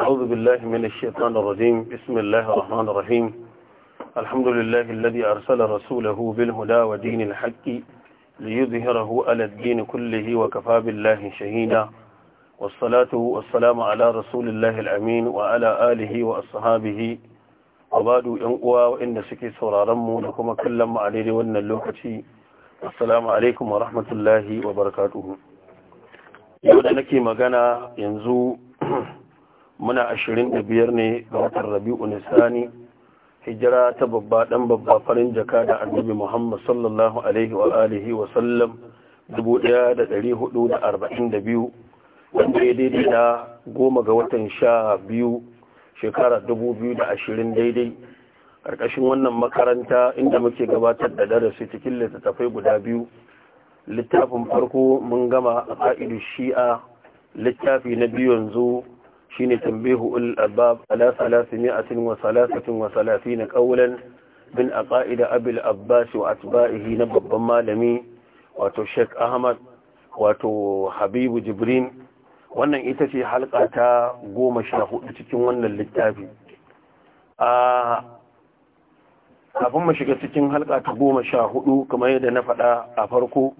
أعوذ بالله من الشيطان الرجيم بسم الله الرحمن الرحيم الحمد لله الذي أرسل رسوله بالهدى ودين الحق ليظهره على الدين كله وكفى بالله شهيدا والصلاة والسلام على رسول الله الأمين وعلى آله وأصحابه وبعد ينقوى وإن سكي سرارمو لكم كلم عليه وإن اللوكة السلام عليكم ورحمة الله وبركاته يقول لك مغانا ينزو muna ashirin da biyar ne ga watan rabi'u nisani hijira ta babba dan babba farin jaka da annabi muhammad sallallahu alaihi wa alihi wa sallam dubu daya da dari hudu da arba'in da biyu wanda ya daidai da goma ga watan sha biyu shekara dubu biyu da ashirin daidai ƙarƙashin wannan makaranta inda muke gabatar da darasi cikin littattafai guda biyu littafin farko mun gama a ƙa'idu shi'a littafi na biyu yanzu ne tambihu ul albab ala 333 qawlan bin aqaida abul abbas wa atba'ihi na babban malami wato Sheikh Ahmad wato Habibu Jibrin wannan ita ce halka ta goma sha hudu cikin wannan littafi a kafin mu shiga cikin halka ta goma sha hudu kamar yadda na faɗa a farko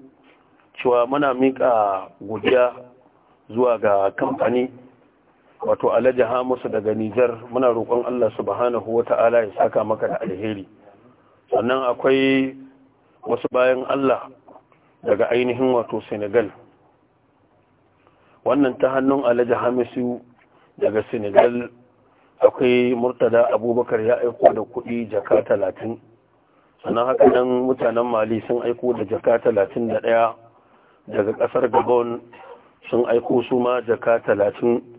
cewa muna miƙa godiya zuwa ga kamfani wato alhaji hamisu daga nijar muna roƙon allah subhanahu wata'ala ya saka maka da alheri sannan akwai wasu bayan allah daga ainihin wato senegal wannan ta hannun alhaji hamisu daga senegal akwai murtada abubakar ya aiko da kuɗi jaka talatin sannan haka nan mutanen mali sun aiko da jaka talatin da ɗaya daga ƙasar gabon sun aiko su ma jaka talatin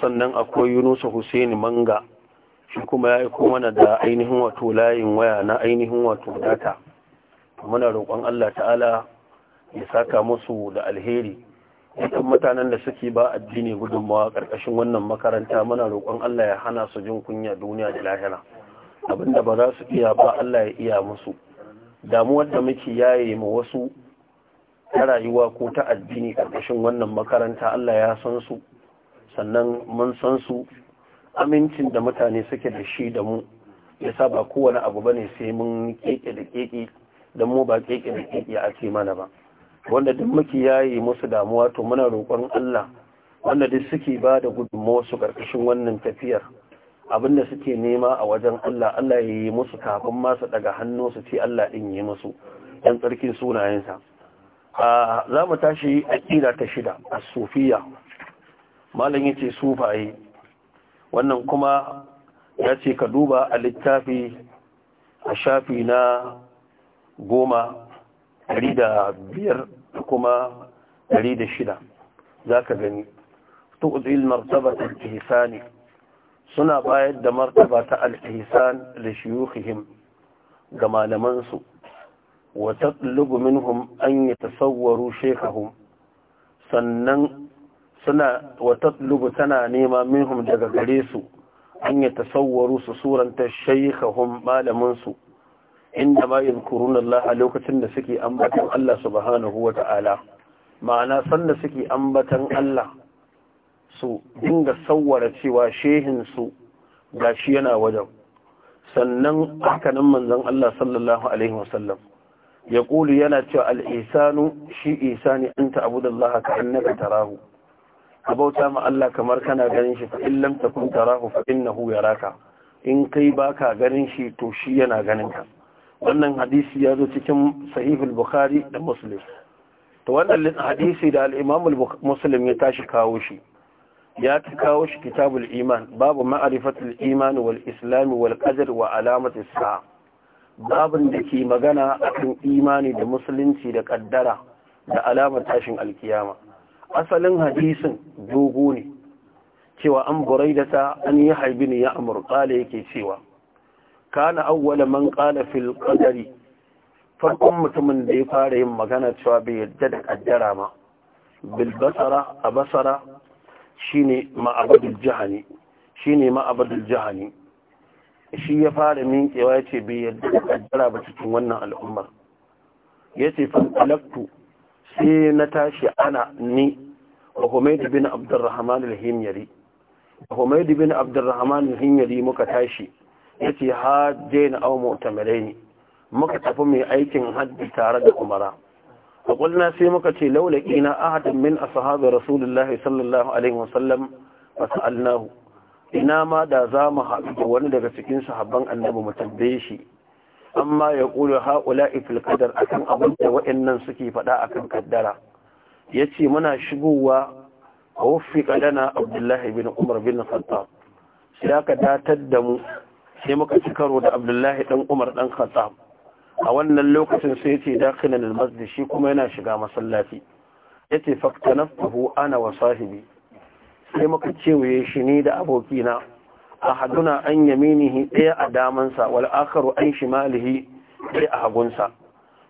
sannan akwai yunusa hussein manga shi kuma ya aiko mana da ainihin wato layin waya na ainihin wato data muna roƙon allah ta'ala ya saka musu da alheri yakan mutanen da suke ba addini gudunmawa ƙarƙashin wannan makaranta muna roƙon allah ya hana su jin kunya duniya da lahira abinda ba za su iya ba allah ya iya musu damuwar da muke yaye ma wasu ta rayuwa ko ta addini ƙarƙashin wannan makaranta allah ya san su sannan mun san su amincin da mutane suke da shi da mu ya sa ba kowane abu bane sai mun keke da keke don mu ba keke da keke a ce mana ba wanda duk muke yayi musu damuwa to muna roƙon Allah wanda duk suke ba da gudunmawa su ƙarƙashin wannan tafiyar abin da suke nema a wajen Allah Allah ya yi musu kafin masu daga hannu su ce Allah din yi musu ‘yan tsarkin sunayensa. Ah, za mu tashi a aƙida ta shida a Sufiya malam yace sufaye wannan kuma ya ce ka duba a littafi a shafi na goma ɗari da biyar da kuma ɗari da shida za ka gani tu'udil martaba al-ihsani suna bayar da martaba ta al da li ga malamansu wata lugumin minhum an tasawwaru shekahu sannan suna wata lubu tana nema minhum daga gare su an yi tasawwaru su suranta shaikahun malaminsu inda ma yadhkuruna a lokacin da suke ambatan Allah subhanahu wa ta'ala ma'ana sanda suke ambatan Allah su dinga sawwara cewa shehinsu ga gashi yana wajen sannan hakanan manzon Allah sallallahu alaihi wasallam ya kulu yana cewa al-ihsanu shi ihsani anta abudallaha ka annaka tarahu ka bauta ma Allah kamar kana ganin shi fa lam takun tarahu fa innahu yaraka in kai baka ganin shi to shi yana ganin ka wannan hadisi ya zo cikin sahihul bukhari da muslim to wannan hadisi da al-imam muslim ya tashi kawo shi ya ta kawo shi kitabul iman babu ma'rifatul iman wal islam wal qadar wa alamati sa babin da ke magana akan imani da musulunci da kaddara da alamar tashin alkiyama asalin hadisin dogo ne cewa an burai da ta an yi haibi ne ya amurka da yake cewa kana awwala man qala fil qadari farkon mutumin da ya fara yin magana cewa bai yadda da kaddara ma bil a basara shine ma'abadul jahani shine ma'abadul jahani shi ya fara kewa ya ce bai yadda da kaddara ba cikin wannan al'ummar ya ce fantalaktu sai na tashi ana ni a bin abdurrahman al-himyari a bin abdurrahman al-himyari muka tashi ya ce hajji na aumo tamare muka tafi mai aikin haddi tare da umara a sai muka ce laulaki na ahadin min a sahabar rasulullahi sallallahu alaihi wasallam masu ina ma da za mu haɗu wani daga cikin sahabban annabi mu tambaye shi amma ya ƙulu haƙula ifil kadar akan abin da waɗannan suke faɗa akan kaddara ya ce muna shigowa a wufi ƙadana abdullahi bin umar bin khattab sai aka datar da mu sai muka ci karo da abdullahi ɗan umar ɗan khattab a wannan lokacin sai ya ce dakinan almasjid shi kuma yana shiga masallaci ya ce faktanaftahu ana wa sahibi sai muka cewaye shi ni da abokina ahaduna an yaminihi ɗaya a damansa wal akharu an shimalihi ɗaya a hagunsa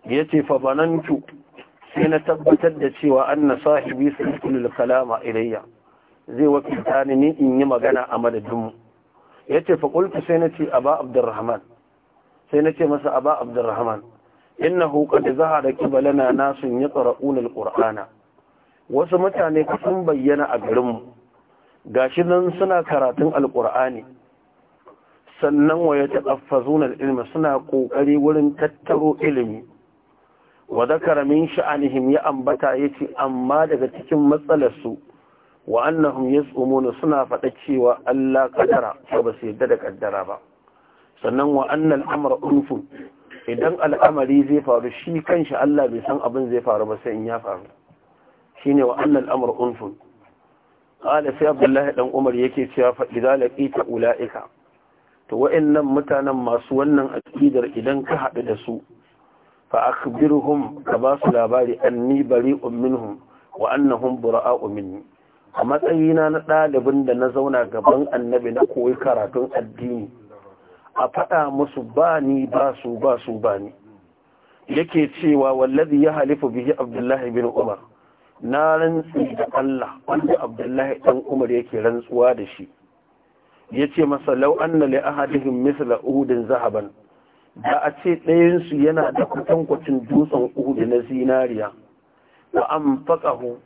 yace fa banantu sai na tabbatar da cewa anna sahibi sulul kalama ilayya zai wakilta ni ni in yi magana a madadin mu yace fa qultu sai na ce aba abdurrahman sai na ce masa aba abdurrahman innahu qad zahara kibalana nasun yaqra'una alqur'ana wasu mutane sun bayyana a garin mu gashi nan suna karatun alkur'ani sannan waya taɗaffazunar ilmi suna ƙoƙari wurin tattaro ilimi wa zakara min sha'anihim ya ambata ya ce amma daga cikin matsalarsu wa annahum yas'umuna suna faɗa cewa Allah kadara ko ba su yadda da ƙaddara ba sannan wa annal amra unfu idan al'amari zai faru shi kanshi Allah bai san abin zai faru ba sai in ya faru shine wa annal amra unfu qala sai abdullahi ɗan umar yake cewa za idza ta ulaika to wa'annan mutanen masu wannan aƙidar idan ka haɗu da su fa akhbirhum ka ba su labari anni bari'un minhum wa annahum bura'a'u minni a matsayina na ɗalibin da na zauna gaban annabi na koyi karatun addini a faɗa musu ba ni ba su ba su ba ni yake cewa wallazi ya halifu bihi abdullahi bin umar na rantsi da Allah wanda Abdullahi ɗan Umar yake rantsuwa da shi yace masa law anna li ahadihim mithla uhudin zahaban da a ce ɗayan yana da kwatankwacin dutsen udu na zinariya wa anfaqahu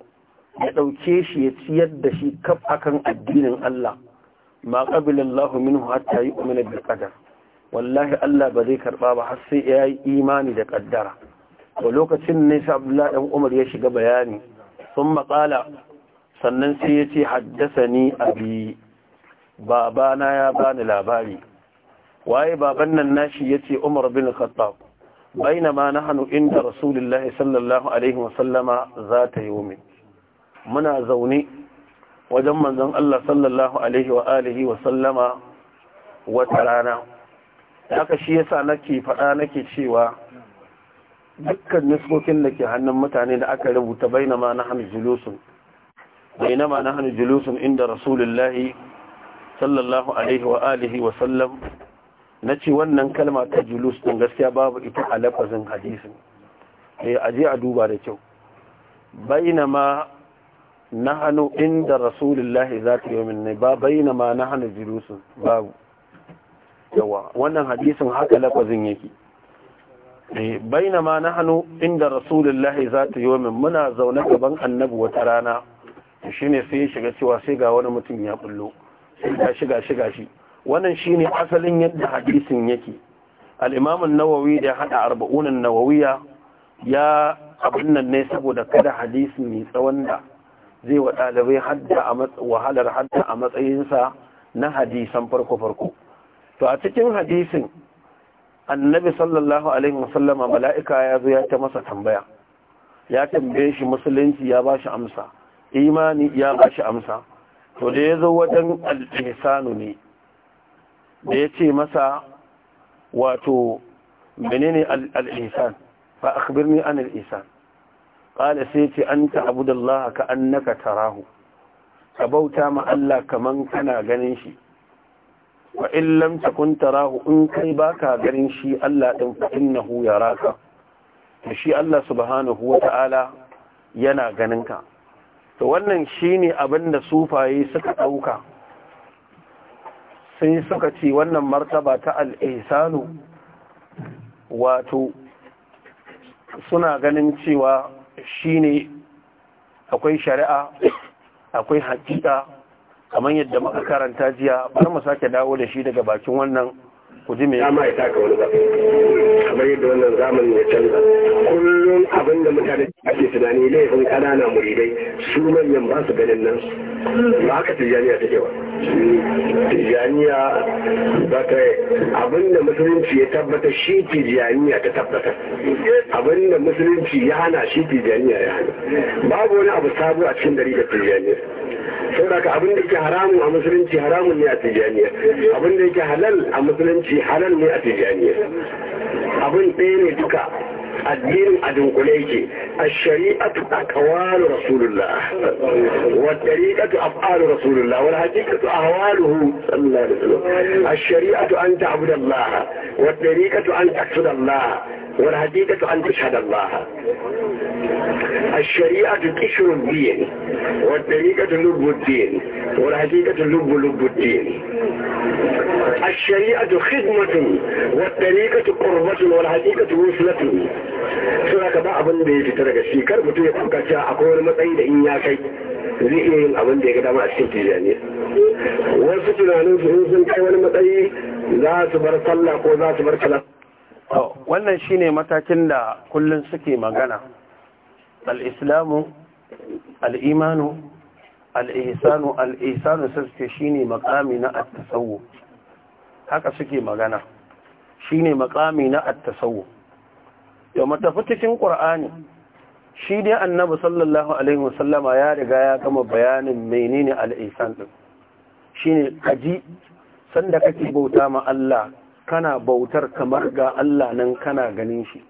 ya dauke shi ya ciyar da shi kaf akan addinin Allah ma qabila Allah minhu hatta yu'mina bil qadar wallahi Allah ba zai karɓa ba har sai ya yi imani da ƙaddara. to lokacin ne sa Abdullahi dan Umar ya shiga bayani sun matsala sannan sai ya ce haddasa ni abi babana ya bani labari waye baban nan nashi ya ce umar bin khattab bainama nahnu inda rasulullahi sallallahu alaihi wasallama za ta yi muna zaune wajen manzon Allah sallallahu alaihi wa alihi wasallama wata rana haka shi yasa nake faɗa nake cewa dukkan nufokin da ke hannun mutane da aka rubuta bainama na hannu julusun bainama na hannu julusun inda rasulullahi sallallahu alaihi wa alihi wa sallam na ce wannan kalma ta julus ɗin gaskiya babu ita a lafazin hadisin eh, a je a duba da kyau bainama na hannu inda rasulullahi za ta yi minne ba bainama na hannu julusun babu yawa wannan hadisun haka lafazin yake Eh, baina ma na hannu inda rasulullahi zata min muna zaune gaban annabu wata rana shine sai ya shiga cewa sai ga wani mutum ya bullo sai ga shiga shiga shi wannan shine asalin yadda hadisin yake al'imamun nawawi da hada arba'unan nawawiya ya abin nan ne saboda kada hadisin mai tsawon da zai wa dalibai hadda a wahalar hadda a matsayinsa na hadisan farko farko to a cikin hadisin annabi sallallahu alaihi wasallama mala'ika ya zo ya ta masa tambaya ya tambaye shi musulunci ya ba shi amsa imani ya ba shi amsa to da ya zo wajen al-ihsanu ne da ya ce masa wato menene al-ihsan fa akhbirni an al-ihsan qala sai ce anta abudallaha ka annaka tarahu ka bauta ma Allah kaman kana ganin shi wa illam takun tarahu in kai baka ganin shi Allah din innahu yaraka to shi Allah subhanahu ta'ala yana ganin ka to wannan shine abin da sufaye suka dauka sai suka ce wannan martaba ta al-ihsanu wato suna ganin cewa shine akwai shari'a akwai hakika kamar yadda muka karanta jiya bari mu sake dawo da shi daga bakin wannan ku ji me ya ma ita wani ba kamar yadda wannan zamanin ya canza kullum abin da mutane ake tunani laifin ƙanana muridai su manyan ba su ganin nan ba haka tijaniya take ba Tijaniya ba ta yi. abin da musulunci ya tabbata shi Tijaniya ta tabbata abin da musulunci ya hana shi Tijaniya ya hana babu wani abu sabu a cikin dari da Tijaniya. saboda ka abin da yake haramun a musulunci haramun ne a tijaniya abin da yake halal a musulunci halal ne a tijaniya abin ɗaya ne duka الدين أدنقليك الشريعة أقوال رسول الله والطريقة أفعال رسول الله والحقيقة أهواله صلى الله عليه وسلم الشريعة أن تعبد الله والطريقة أن تقصد الله والحقيقة أن تشهد الله الشريعة قشر الدين والطريقة لب الدين والحقيقة لب لب الدين الشريعة خدمة والطريقة قربة والحقيقة وصلة سنك بعض الذي تترك الشيكر متوقع أقول مطعيد إن يا شيء zai iya yin abin da ya ga dama a cikin tijaniya wasu tunanin su sun kai wani matsayi za su bar sallah ko za su bar salat wannan shine matakin da kullun suke magana al-islamu al-imanu al-ihsanu al-ihsanu suke shine makami na at haka suke magana shine makami na at-tasawuf yau matafi cikin qur'ani shi dai annabi sallallahu alaihi wasallama ya riga ya gama bayanin menene al-ihsan din shine kaji sanda kake bauta ma Allah kana bautar kamar ga Allah nan kana ganin shi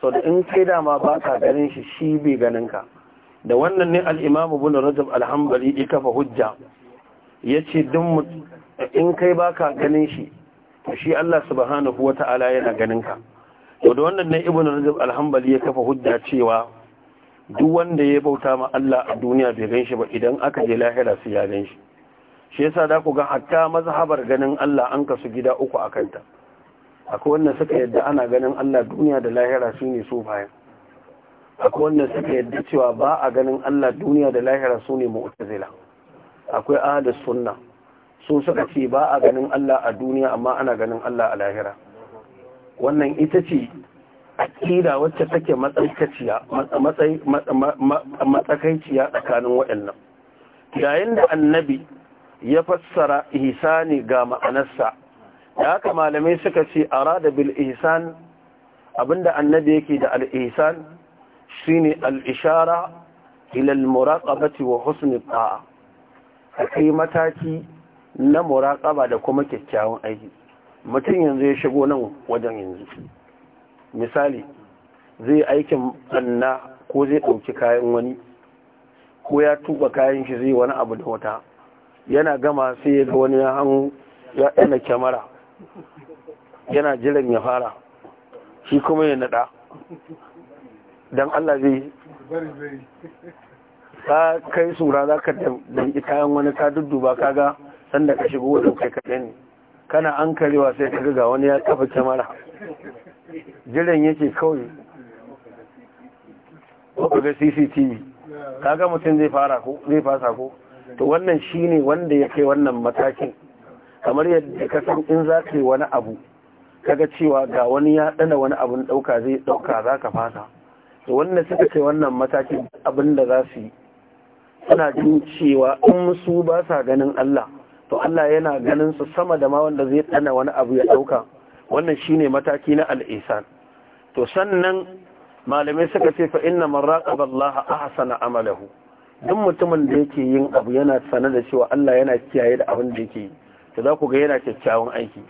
so da in kai dama ba ka ganin shi shi bai ganin ka da wannan ne al-Imam Ibn Rajab al-Hanbali ya kafa hujja yace duk in kai ba ka ganin shi to shi Allah subhanahu wata'ala yana ganin ka to da wannan ne Ibn Rajab al-Hanbali ya kafa hujja cewa duk wanda ya bauta ma Allah a duniya bai gan shi ba idan aka je lahira sai ya gan shi shi yasa da ku ga hatta mazhabar ganin Allah an kasu gida uku a kanta akwai wanda suka yadda ana ganin Allah duniya da lahira su ne su bayan akwai wanda suka yadda cewa ba a ganin Allah duniya da lahira su ne mu'tazila akwai ahli sunna su suka ce ba a ganin Allah a duniya amma ana ganin Allah a lahira wannan ita ce akida wacce take matsakaiciya matsakaiciya tsakanin waɗannan yayin da annabi ya fassara ihsani ga ma'anarsa da haka malamai suka ce arada bil ihsan abinda annabi yake da al ihsan shine al ishara ila al muraqabati wa husn al ta'a akai mataki na muraqaba da kuma kyakkyawan aiki mutum yanzu ya shigo nan wajen yanzu misali zai aikin anna ko zai ɗauki kayan wani ko ya tuba kayan shi zai wani abu da wata yana gama sai ya ga wani hannu ya ɗana kyamara yana jiran ya fara shi kuma ya naɗa don Allah zai ka kai sura za ka danki kayan wani ka dudduba kaga sanda ka shigo wajen kai kaɗai ne kana an karewa sai ka ga wani ya kafa kyamara jiran yake kawai ko ga cctv ga mutum zai fara ko zai fasa ko to wannan shine wanda ya kai wannan matakin kamar yadda ka san in za ka yi wani abu kaga cewa ga wani ya dana wani abun dauka zai dauka za ka fasa to wanda suka kai wannan matakin abin da za su yi suna jin cewa in su ba sa ganin Allah to Allah yana ganin su sama da ma wanda zai dana wani abu ya dauka wannan shine mataki na al-ihsan to sannan malamai suka ce fa inna man raqaba Allah ahsana amalahu duk mutumin da yake yin abu yana sanar da cewa Allah yana kiyaye da abin da yake yi to za ku ga yana kyakkyawan aiki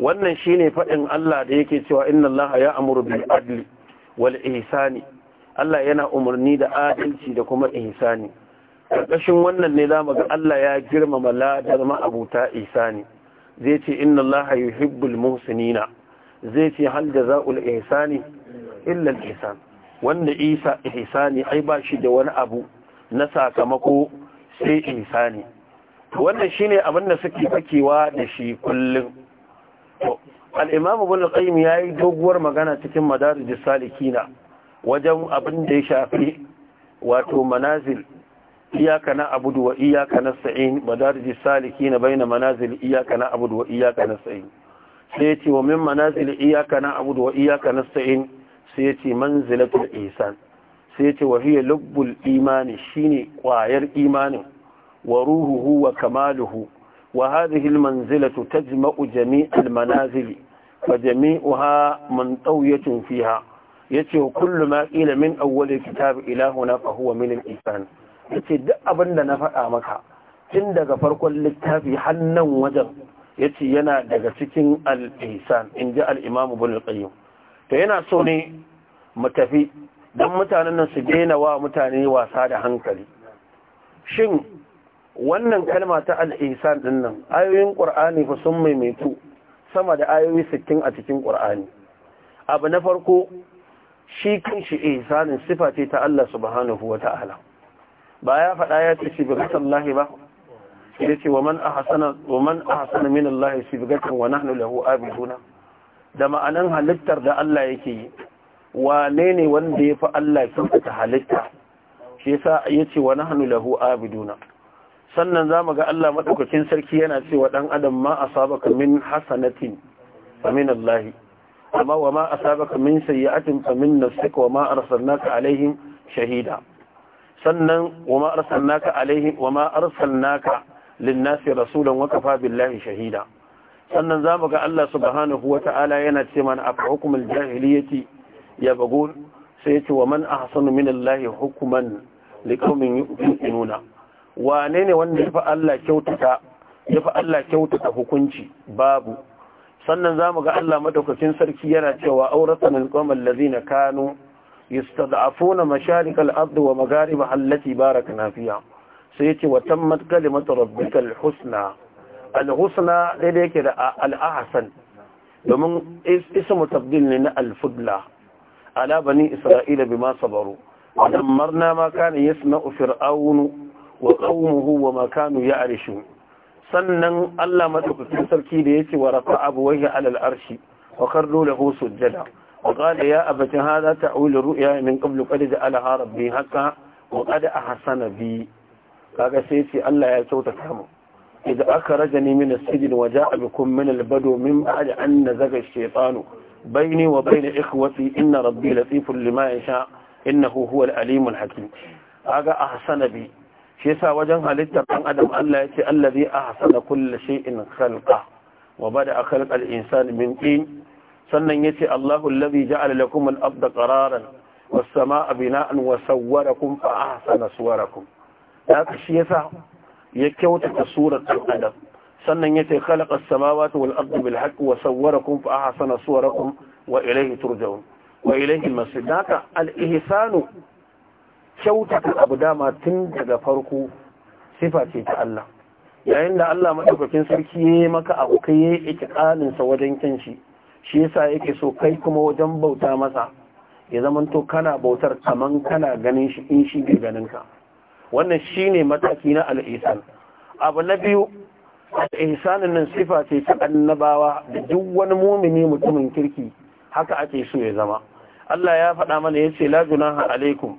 wannan shine faɗin Allah da yake cewa inna Allah ya amuru bil adli wal ihsani Allah yana umarni da adalci da kuma ihsani karkashin wannan ne za mu ga Allah ya girmama ladar ma'abuta ihsani zai ce inna Allah yuhibbul muhsinina zai ce hal jazaul ihsani illa al ihsan wanda isa ihsani ai ba shi da wani abu na sakamako sai ne wannan shine abin da suke fakewa da shi kullum al’imamu imam ibn ya yi doguwar magana cikin madarijus salikina wajen abin da ya shafi wato manazil iyaka na abudu wa iyaka nasta'in madarijus salikina baina manazil iyaka na abudu wa iyaka sa’in sai ce wa min manazil iyaka na abudu wa iyaka sa’in sai ce manzilatul isan sai ce wa hiya lubbul imani shine kwayar imanin wa ruhuhu wa kamaluhu wa hadhihi al manzilatu tajma'u jami' al manazil fa jami'uha mantawiyatun fiha yace kullu ma qila min awwal al kitab ila huna fa huwa min al ihsan yace duk abinda na faɗa maka tun daga farkon littafi har nan wajen yace yana daga cikin al ihsan inji al imam ibn al qayyim to yana so ne mu tafi don mutanen nan su daina wa mutane wasa da hankali shin wannan kalma ta al'isan ɗin nan ayoyin ƙur'ani fa sun maimaitu sama da ayoyi sittin a cikin ƙur'ani abu na farko shi kan shi ihsanin sifa ce ta Allah subhanahu wa ta'ala ba ya faɗa ya ce shibigatan lahi ba ya ce wa man min Allah wa nahnu abiduna da ma'anan halittar da Allah yake yi wane ne wanda ya fi Allah kyautata halitta shi yasa ya ce wa nahnu lahu abiduna sannan zamu ga Allah madaukakin sarki yana cewa dan adam ma asabaka min hasanatin fa min Allah amma wa ma asabaka min sayyi'atin fa min nafsika wa ma arsalnaka alaihim shahida sannan wa ma arsalnaka alaihim wa ma arsalnaka linnasi nasi rasulan wa kafa billahi shahida sannan zamu ga Allah subhanahu wata'ala yana ce mana afa hukumul jahiliyyati bago sai ce wa man ahsanu minallahi hukman liqaumin yu'minuna wane ne wanda yafi Allah kyautata yafi Allah kyautata hukunci babu sannan zamu ga Allah madaukakin sarki yana cewa auratan alqaumal ladina kanu yastad'afuna masharik al-ard wa magharibaha allati barakna fiha sai ce wa tammat kalimatu rabbikal husna al-husna daidai yake da al-ahsan domin ismu tabdil ne na al ala bani isra'ila bima sabaru wa dammarna ma kana yasna'u fir'aunu wa qaumuhu wa ma kanu ya'rishun sannan Allah madaukakin sarki da ya ci wa rafa abwayhi ala al'arshi wa dole ko sujjada wa qala ya abati hadha ta'wilu ru'ya min qablu qad ja'alaha rabbi haqqan kada a ahsana biyu. kaga sai ce Allah ya aka kyautata mu إذا أخرجني من السجن وجاء بكم من البدو من بعد أن نزغ الشيطان baini wa baina ikhwati inna rabbi latifun lima yasha innahu huwal alimul hakim kaga ahsana bi shi yasa wajen halittar ɗan adam Allah ya ce allazi ahsana kulli shay'in khalqa wa bada'a khalqal insani min tin sannan yace Allahu allazi ja'ala lakum al kararan qararan was samaa bina'an wa sawwarakum fa ahsana suwarakum haka shi yasa ya kyautata surar ɗan adam sannan ya khalaqa kala samawati wal arda bil haqq wa sawwarakum fa ahsana suwarakum wa ilayhi turja'un wa ilayhi masu masir daka al-ihsanu kyautata abu dama tun daga farko sifa ce ta Allah yayin da Allah madaukakin sarki ya yi maka abu kai yi ikiqalin sa wajen kanshi shi yasa yake so kai kuma wajen bauta masa ya zamanto kana bautar kaman kana ganin shi in shi bai ganin ka wannan shine mataki na al'isan. abu na biyu ihsanin nan sifa ce ta annabawa da duk wani mumini mutumin kirki haka ake so ya zama Allah ya faɗa mana ya ce la junaha alaikum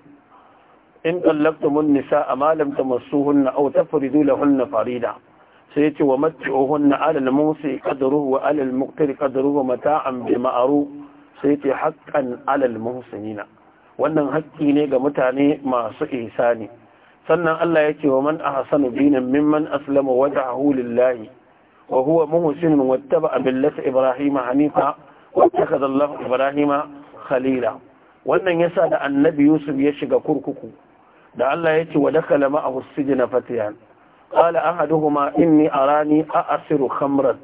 in tallaqtumun nisaa ma lam tamassuhunna aw tafridu lahunna farida sai yace wa mat'uhunna 'ala al-musi qadruhu wa 'ala al-muqtir qadruhu mata'an bi ma'ruf sai yace haqqan 'ala al-muhsinina wannan haƙƙi ne ga mutane masu ihsani sannan Allah yake wa man a ahsanu dinan mimman aslama wajhahu lillahi wa huwa muhsinun wattaba millata ibrahima hanifa wattakhadha Allah ibrahima khalila wannan yasa da annabi yusuf ya shiga kurkuku da Allah yake wa dakala ma'ahu sijna fatiyan qala ahaduhuma inni arani a'asiru khamran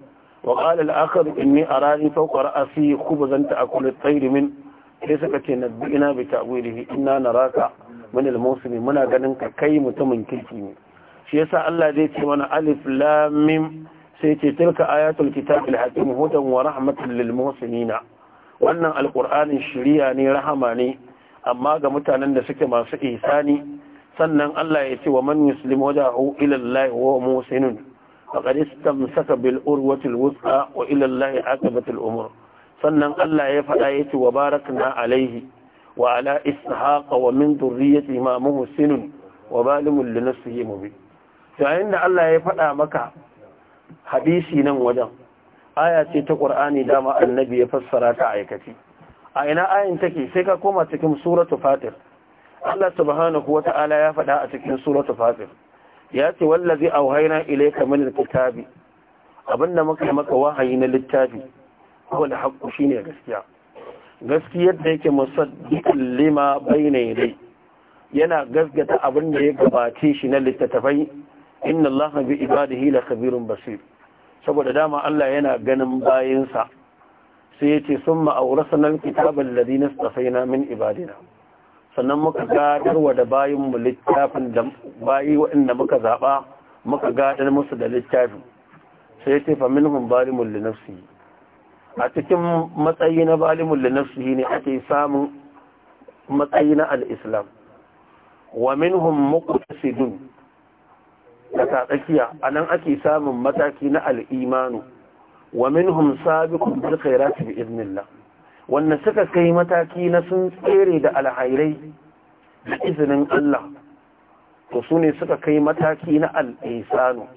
wa qala al-akhar inni arani fawqa ra'si khubzan ta'kulu at-tayr min sai suka ce nabbi'ina bi ta'wilihi inna naraka minal musulmi muna ganin ka kai mutumin kirki ne shi yasa Allah zai ce mana alif lam mim sai ce tilka ayatul kitabil hakim hudan wa rahmatan lil muhsinina wannan alqur'anin shiriya ne rahama ne amma ga mutanen da suke masu ihsani sannan Allah ya ce wa man yuslimu wajhahu ila Allah wa muhsinun faqad istamsaka bil urwati wa ila Allah aqibatul umur sannan Allah ya faɗa ya ce wa barakna alaihi وعلى إسحاق ومن ذريته ما محسن وظالم لنفسه مبين فإن الله faɗa maka hadisi nan wajen aya ce ta ƙur'ani dama annabi ya fassara ta aikace a ina ayin take sai ka koma cikin suratu fatir Allah subhanahu wata'ala ya faɗa a cikin suratu fatir ya ce wallazi auhayna ilai min alkitabi abinda muka yi maka wahayi na littafi wal haqqu shine gaskiya gaskiyar da yake musaddiqul lima bayna dai yana gasgata abin da ya gabace shi na littattafai inna Allah bi ibadihi la khabirun basir saboda dama Allah yana ganin bayinsa sai yace summa awrasna alkitaba alladhi nastafayna min ibadina sannan muka gadarwa da bayin mu littafin da bayi waɗanda muka zaba muka gadar musu da littafin sai yace fa minhum zalimul li nafsihi a cikin matsayi na balimun da nafsihi ne ake samun matsayi na al'islam wa minhum muqtasidun ta tsakiya anan ake samun mataki na al'imanu wa minhum sabiqun bil khairati bi idnillah wannan suka kai mataki na sun tsere da alhairai da izinin Allah to ne suka kai mataki na al'isanu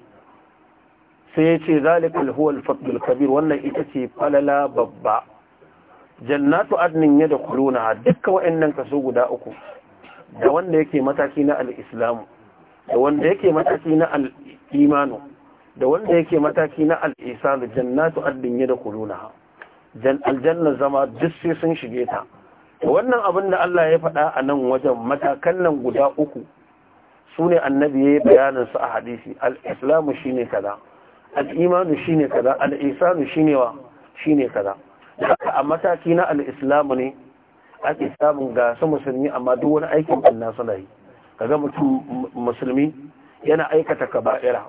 sai ya ce zalikal huwal fadlul kabir wannan ita ce falala babba jannatu adnin ya da kuluna dukkan wayannan kaso guda uku da wanda yake mataki na al-islamu da wanda yake mataki na al-imanu da wanda yake mataki na al ihsan jannatu adnin ya da kuluna aljanna zama duk sai sun shige ta wannan abin da Allah ya faɗa a nan wajen matakan nan guda uku su ne annabi ya yi su a hadisi al-islamu shine kaza al'imanu ne kaza al'isanu shine wa kada kaza a mataki na al'islamu ne ake samun su musulmi amma duk wani aikin Allah suna yi kaga mutum musulmi yana aikata ba'ira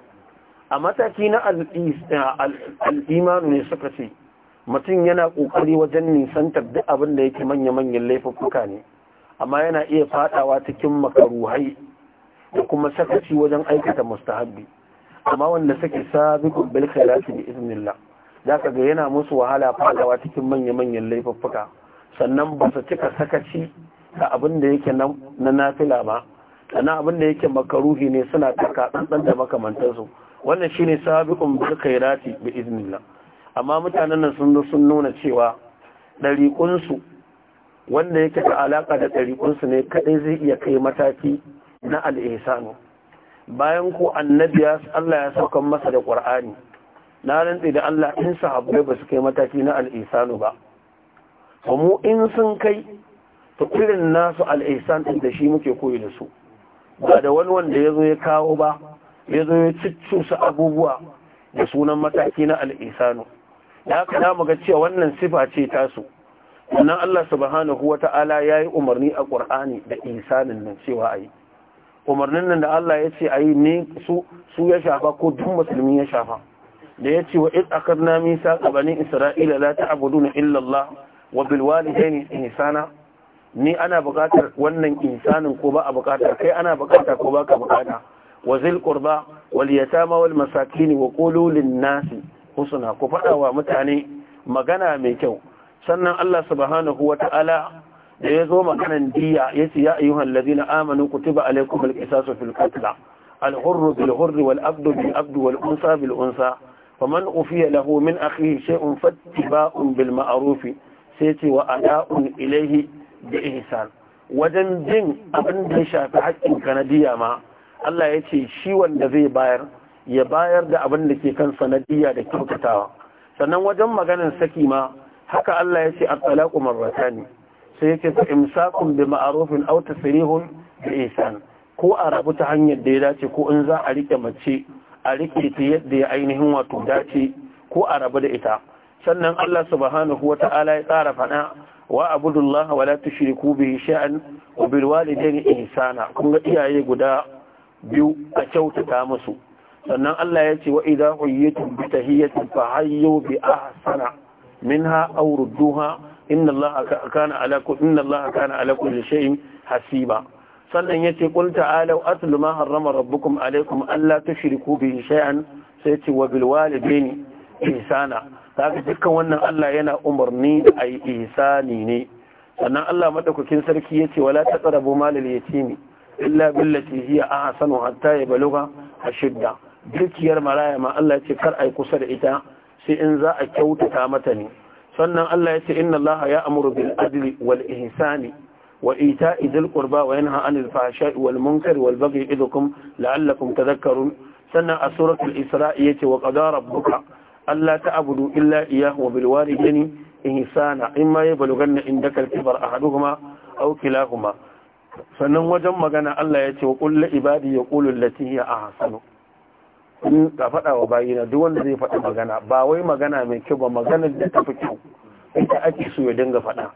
a mataki na al'imanu ne suka ce mutum yana ƙoƙari wajen nisantar duk abin da yake manya-manyan laifuka ne amma yana iya fadawa cikin makaruhai da kuma sakaci wajen aikata mustahabbi amma wanda suke sabiqun bil khairati bi iznillah zaka ga yana musu wahala fadawa cikin manya-manyan laifuffuka sannan ba su cika sakaci da abin da yake na nafila ba sannan abin da yake makaruhi ne suna taka ɗanɗan da su wannan shine sabiqun bil khairati bi iznillah amma mutanen nan sun sun nuna cewa su wanda yake da alaka da su ne kadai zai iya kai mataki na al al'ihsanu bayan ku annabi ya Allah ya saukan masa da Qur'ani na rantse da Allah in sahabbai ba su kai mataki na al ba mu in sun kai to nasu al-ihsan din da shi muke koyi da su ba da wani wanda ya zo ya kawo ba ya zo ya su abubuwa da sunan mataki na al Ya ka haka cewa wannan sifa ce tasu sannan Allah subhanahu wata'ala yi umarni a Qur'ani da ihsanin nan cewa ayi umarnin nan da Allah ya ce a yi ne su ya shafa ko duk musulmi ya shafa da ya ce wa iz akarna misa qabanin isra'ila la ta'buduna illa Allah wa bil walidaini ihsana ni ana buƙatar wannan insanin ko ba a buƙatar kai ana buƙata ko ba ka buƙata wa zil qurba wal yatama wal masakin wa qulu lin nasi husna ku faɗawa wa mutane magana mai kyau sannan Allah subhanahu wata'ala da ya zo maganan diya ya ce ya ayyuhan lazina amanu kutiba alaikum alqisasu fil qatl الحر بالحر والأبد ufiya lahu min akhihi shay'un له bil ma'ruf sai ce wa سيتي ilayhi bi ihsan wajen jin abin da ya shafi haƙƙin kanadiya ma Allah ya ce shi wanda zai bayar ya bayar da abin da ke kan sanadiyya da kyautatawa sannan wajen maganin saki ma haka Allah ya ce at-talaqu marratani sai yake fa imsakun bi ma'arufin aw tasrihun bi ihsan ko a rabu ta hanyar da ya dace ko in za a rike mace a rike ta yadda ya ainihin wato dace ko a rabu da ita sannan Allah subhanahu wata'ala ya tsara fada wa abudullaha wala tushriku bihi sha'an wa bil walidayni ihsana kun ga iyaye guda biyu a kyautata musu sannan Allah ya ce wa idza huyyitum bi tahiyyatin fa hayyu bi ahsana minha aw rudduha inna allaha kana ala kulli shay'in hasiba sannan yace qul ta'alu atlu ma harrama rabbukum alaykum alla tushriku bihi shay'an sai yace wa bil walidaini ihsana kaga dukkan wannan Allah yana umarni da ayi ihsani ne sannan Allah madaukakin sarki yace wala taqrabu malal yatimi illa billati hiya ahsanu hatta yablugha ashidda dukiyar maraya ma Allah yace kar ai kusa da ita sai in za a kyautata mata ne sannan Allah ya ce inna Allah ya amuru bil adli wal ihsani wa ita'i dhil qurba wa yanha 'anil fahsha'i wal munkari wal baghi idukum la'allakum tadhakkarun sannan a suratul isra'i yace wa qadara rabbuka alla ta'budu illa iyyahu wa bil walidayni ihsana imma yablughanna indaka al kibar ahaduhuma aw kilahuma sannan wajen magana Allah yace wa qul li ibadi yaqulu allati hiya ahsanu in ka faɗa wa bayina duk wanda zai faɗa magana ba wai magana mai kyau ba magana da ta fi kyau ita ake so ya dinga faɗa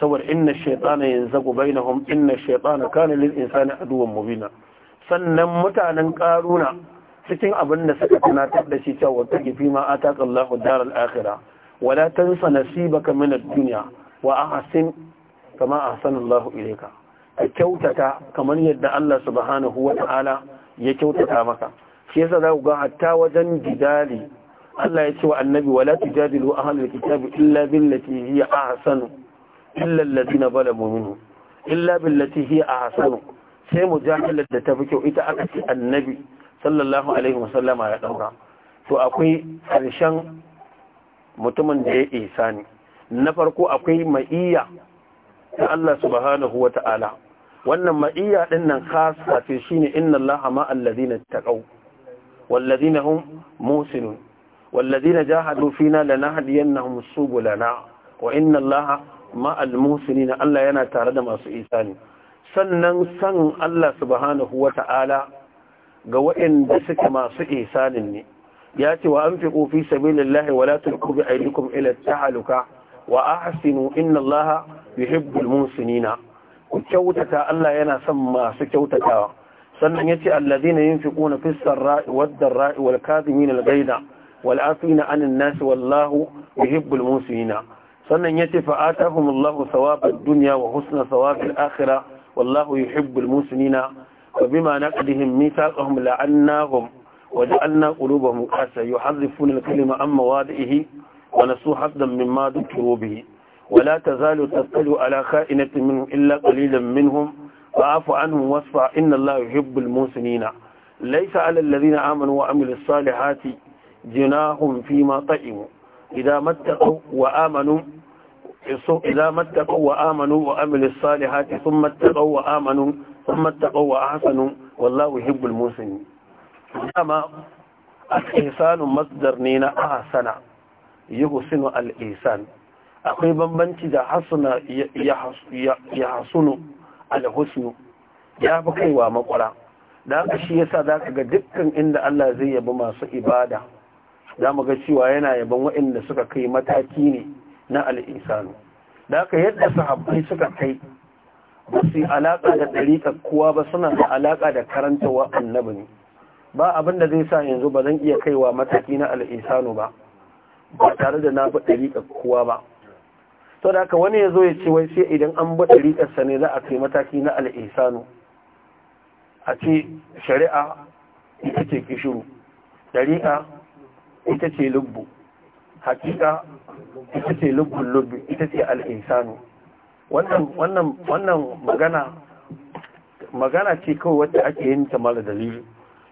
saboda inna shaytana yanzagu bainahum inna shaytana kana lil insani aduwwan mubina sannan mutanen karuna cikin abin da suka tunatar da shi cewa ta gifi ma ataka Allahu daral akhirah wala tansa nasibaka min ad-dunya wa ahsin kama ahsana Allahu ilayka ka kyautata kamar yadda Allah subhanahu wa ta'ala ya kyautata maka shi yasa za ku ga hatta wajen jidali Allah ya ce wa annabi wala tujadilu ahlul kitabi illa billati hiya ahsanu illa alladhina zalamu minhum illa billati hiya ahsanu sai mujahilar da ta fi kyau ita aka ce annabi sallallahu alaihi wasallama ya daura to akwai karshen mutumin da ya isa ne na farko akwai ma'iyya ta Allah subhanahu wa ta'ala wannan ma'iyya ɗinnan nan khasa ce shine inna allaha ma'al ladina taqaw والذين هم موسنون والذين جاهدوا فينا لنهدينهم سبلنا وإن الله مع الموسنين الله yana tare da masu isani sannan san Allah subhanahu wata'ala ga waɗanda suke masu isanin ne ya ce wa anfiqu fi sabilillahi wala tulqu bi aydikum ila tahaluka wa ahsinu inna Allaha yuhibbul muhsinina ku kyautata Allah yana San masu kyautatawa sannan yace alladhina yunfiquna fis sarra'i wad dharra'i wal kadhimina al ghayza wal afina 'anil nas wallahu yuhibbul musina sannan yace fa atahumullahu thawabad dunya wa husna thawabil akhirah wallahu yuhibbul musina فبما نقدهم ميثاقهم لعناهم وجعلنا قلوبهم قاسا يحذفون الكلمة عن مواضعه ونسوا حظا مما ذكروا به ولا تزال تطلع على خائنة منهم إلا قليلا منهم فاعف عنهم واصفح إن الله يحب المحسنين ليس على الذين آمنوا وعملوا الصالحات جناهم فيما طئموا إذا ما اتقوا وآمنوا إذا ما اتقوا وآمنوا وعملوا الصالحات ثم اتقوا وآمنوا ثم اتقوا وأحسنوا والله يحب المحسنين أما الإحسان مصدر نينا أحسن يحسن الإحسان akwai من da حسن يحسن, alhusnu ya fi kaiwa makwara da haka shi yasa za ka ga dukkan inda Allah zai yabi masu ibada za mu ga cewa yana yabon waɗanda suka kai mataki ne na al'isanu da haka yadda sahabbai suka kai ba su alaƙa da ɗariƙa kuwa ba suna da alaƙa da karantawa annabi ne ba abin da zai sa yanzu ba zan iya kaiwa mataki na al'isanu ba ba tare da na fi ɗariƙa kuwa ba to da haka wani ya zo ya ce wai sai idan an ba rikarsa ne za a kai mataki na al'isanu a ce shari'a ita ce kishiru dariƙa ita ce lubbu hakika ita ce lubbun lubbu ita ce al'isanu wannan magana magana ce kawai wacce ake yin ta mara dalili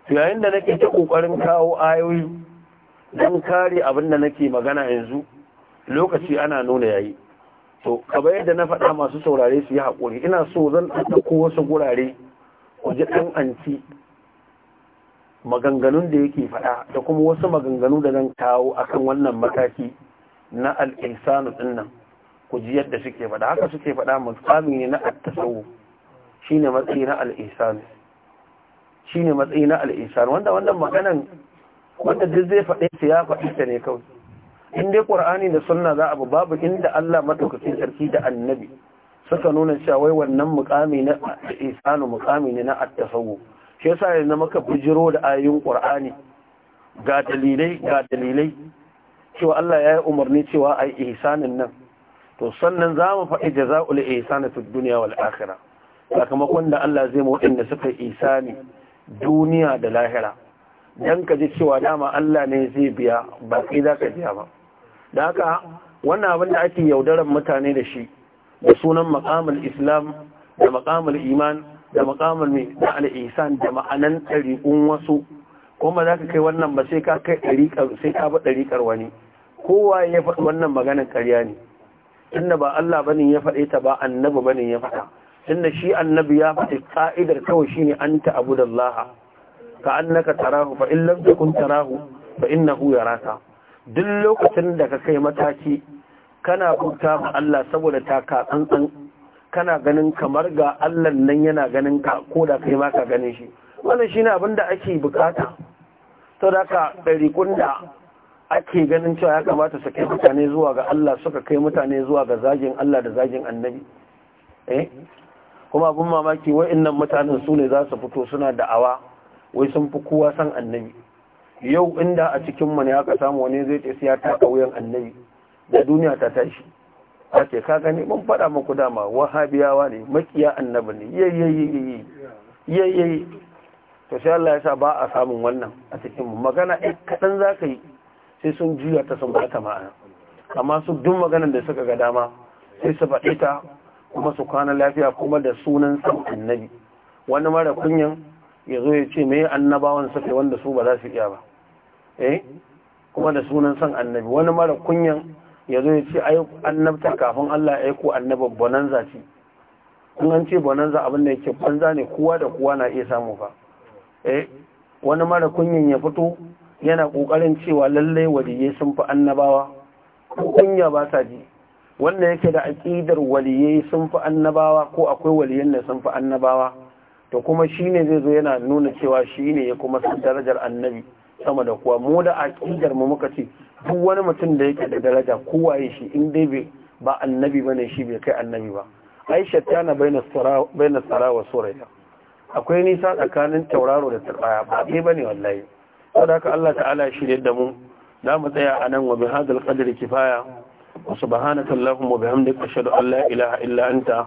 to yayin da nake ta ƙoƙarin kawo ayoyi don kare abin da nake magana yanzu lokaci ana nuna yayi to kaba yadda na faɗa masu saurare su yi haƙuri ina so zan ɗauko wasu gurare ku ji ɗan anti maganganun da yake faɗa da kuma wasu maganganu da zan kawo akan wannan mataki na al'insanu ɗin nan ku ji yadda suke faɗa haka suke faɗa mutsami ne na attasawo shine ne matsayi na al'insanu shi ne matsayi na al'insanu wanda wannan maganan wanda duk zai faɗe su ya faɗi ta ne kawai in dai qur'ani da sunna za a babu inda Allah madaukakin sarki da annabi suka nuna cewa wai wannan mukami na isanu mukami ne na at-tasawuf shi yasa yanzu maka bijiro da ayoyin qur'ani ga dalilai ga dalilai cewa Allah ya yi umarni cewa ai isanin nan to sannan za mu faɗi jaza'ul ihsani fi dunya wal akhirah sakamakon da Allah zai mu da suka isani duniya da lahira dan ka ji cewa dama Allah ne zai biya ba sai za ka biya ba da haka wannan abin da ake yaudaran mutane da shi da sunan makamul islam da makamul iman da makamul mai da al'isan da ma'anan ɗariƙun wasu kuma za ka kai wannan ba sai ka kai ɗariƙar sai ka bi ɗariƙar wani kowa ya faɗi wannan maganar ƙarya ne tunda ba Allah bane ya faɗe ta ba annabi bane ya faɗa tunda shi annabi ya faɗi ƙa'idar kawai shine da Allah ka annaka tarahu fa in lam takun tarahu fa innahu yaraka duk lokacin da ka kai mataki kana bauta ma Allah saboda ta ka tsantsan kana ganin kamar ga Allah nan yana ganin ka ko da kai ma ka ganin shi wannan shine abin da ake bukata to da ka dari kunda ake ganin cewa ya kamata su kai mutane zuwa ga Allah suka kai mutane zuwa ga zagin Allah da zagin annabi eh kuma abin mamaki wa'annan mutanen su ne za su fito suna da'awa wai sun fi kowa san annabi yau inda a cikin mu ne aka samu wani zai ce siya ya taka wuyan annabi da duniya ta tashi a ce ka gani mun faɗa muku dama wahabiyawa ne makiya annabi ne yayyayi yayyayi to sai Allah ya sa ba a samun wannan a cikin mu magana ɗin kaɗan za ka yi sai sun juya ta sun bata ma'ana amma su duk maganar da suka ga dama sai su faɗi ta kuma su kwana lafiya kuma da sunan san annabi wani mara kunyan ya zo ya ce me annabawan safe wanda su ba za su iya ba eh kuma da sunan san annabi wani mara kunyan ya zo ya ce ai annabta kafin Allah ya aiko annaba bonanza ce in an ce bonanza abin da yake banza ne kowa da kowa na iya samu fa eh wani mara kunyan ya fito yana kokarin cewa lalle waliyai sun fi annabawa ko kunya ba sa ji wanda yake da aqidar waliyai sun fi annabawa ko akwai waliyan da sun fi annabawa to kuma shi ne zai zo yana nuna cewa shi ne ya kuma san darajar annabi sama da kuwa mu da aƙidar mu muka ce duk wani mutum da yake da daraja kowa ya shi in dai bai ba annabi ne shi bai kai annabi ba aisha bai baina tsara wa ta akwai nisa tsakanin tauraro da tsaraya ba ba bane wallahi da aka Allah ta'ala shirye da mu za mu tsaya a nan wa bihadal qadri kifaya wa subhanaka allahumma wa bihamdika ashhadu an la ilaha illa anta